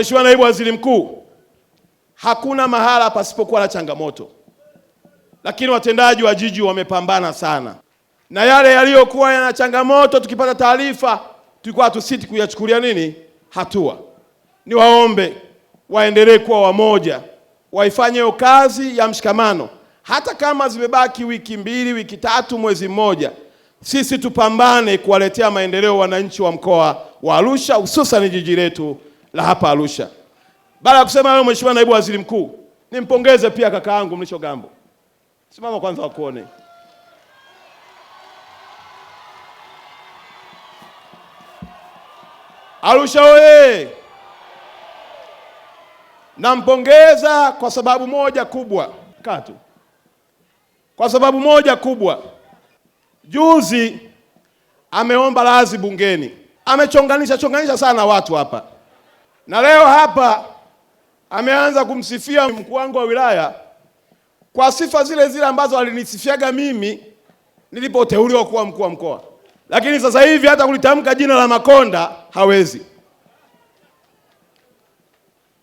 Mheshimiwa Naibu Waziri Mkuu, hakuna mahala pasipokuwa na changamoto, lakini watendaji wa jiji wamepambana sana, na yale yaliyokuwa yana changamoto, tukipata taarifa tulikuwa hatusiti kuyachukulia nini hatua. Niwaombe waendelee kuwa wamoja, waifanye hiyo kazi ya mshikamano, hata kama zimebaki wiki mbili, wiki tatu, mwezi mmoja, sisi tupambane kuwaletea maendeleo wananchi wa mkoa wa Arusha, hususan jiji letu la hapa Arusha. Baada ya kusema hayo, Mheshimiwa Naibu Waziri Mkuu, nimpongeze pia kaka yangu Mrisho Gambo. Simama kwanza wakuone. Arusha oye! Nampongeza kwa sababu moja kubwa katu, kwa sababu moja kubwa. Juzi ameomba radhi bungeni, amechonganisha chonganisha sana watu hapa na leo hapa ameanza kumsifia mkuu wangu wa wilaya kwa sifa zile zile ambazo alinisifiaga mimi nilipoteuliwa kuwa mkuu wa mkoa, lakini sasa hivi hata kulitamka jina la Makonda hawezi.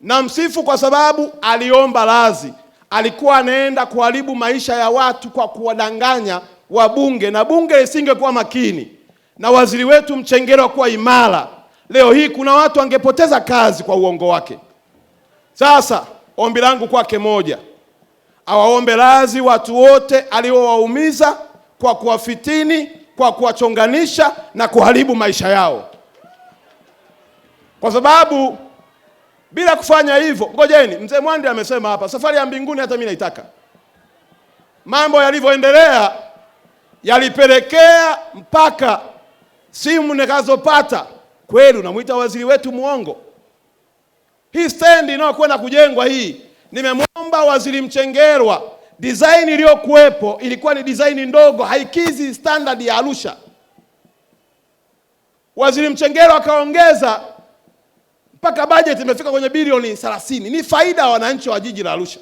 Namsifu kwa sababu aliomba radhi. Alikuwa anaenda kuharibu maisha ya watu kwa kuwadanganya wabunge, na bunge lisingekuwa makini na waziri wetu Mchengerwa kuwa imara leo hii kuna watu wangepoteza kazi kwa uongo wake. Sasa ombi langu kwake moja, awaombe radhi watu wote aliowaumiza kwa kuwafitini, kwa kuwachonganisha na kuharibu maisha yao, kwa sababu bila kufanya hivyo, ngojeni, mzee Mwandi amesema hapa, safari ya mbinguni hata mimi naitaka. Mambo yalivyoendelea yalipelekea mpaka simu nikazopata Kweli unamwita waziri wetu mwongo? Hii stendi inayokwenda kujengwa hii, nimemwomba waziri Mchengerwa, design iliyokuwepo ilikuwa ni design ndogo, haikizi standard ya Arusha. Waziri Mchengerwa akaongeza mpaka budget imefika kwenye bilioni 30, ni faida ya wananchi wa jiji la Arusha,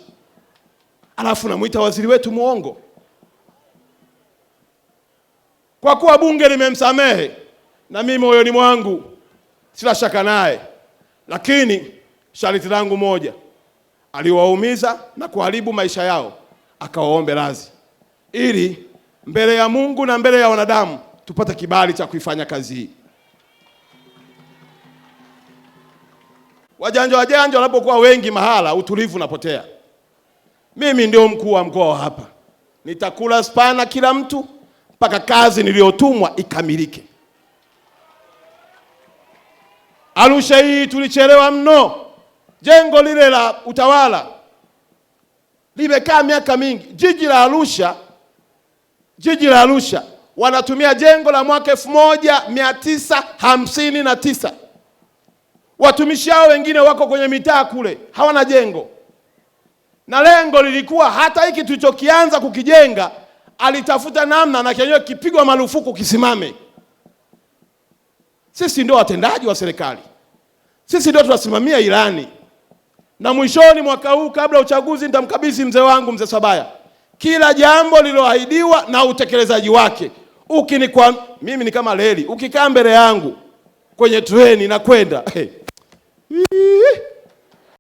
alafu namwita waziri wetu mwongo. Kwa kuwa bunge limemsamehe na mimi moyoni mwangu sina shaka naye, lakini shariti langu moja, aliwaumiza na kuharibu maisha yao, akawaombe radhi ili mbele ya Mungu na mbele ya wanadamu tupate kibali cha kuifanya kazi hii. Wajanja wajanja wanapokuwa wengi mahala, utulivu unapotea. Mimi ndio mkuu wa mkoa hapa, nitakula spana kila mtu mpaka kazi niliyotumwa ikamilike. Arusha hii tulichelewa mno. Jengo lile la utawala limekaa miaka mingi. Jiji la Arusha, jiji la Arusha wanatumia jengo la mwaka elfu moja mia tisa hamsini na tisa. Watumishi hao wengine wako kwenye mitaa kule, hawana jengo, na lengo lilikuwa hata hiki tulichokianza kukijenga alitafuta namna na kenyewe kipigwa marufuku kisimame. Sisi ndio watendaji wa serikali. Sisi ndio tunasimamia ilani, na mwishoni mwaka huu kabla ya uchaguzi nitamkabidhi mzee wangu mzee Sabaya kila jambo liloahidiwa na utekelezaji wake. Ukinikwa mimi ni kama reli, ukikaa mbele yangu kwenye treni na kwenda hey.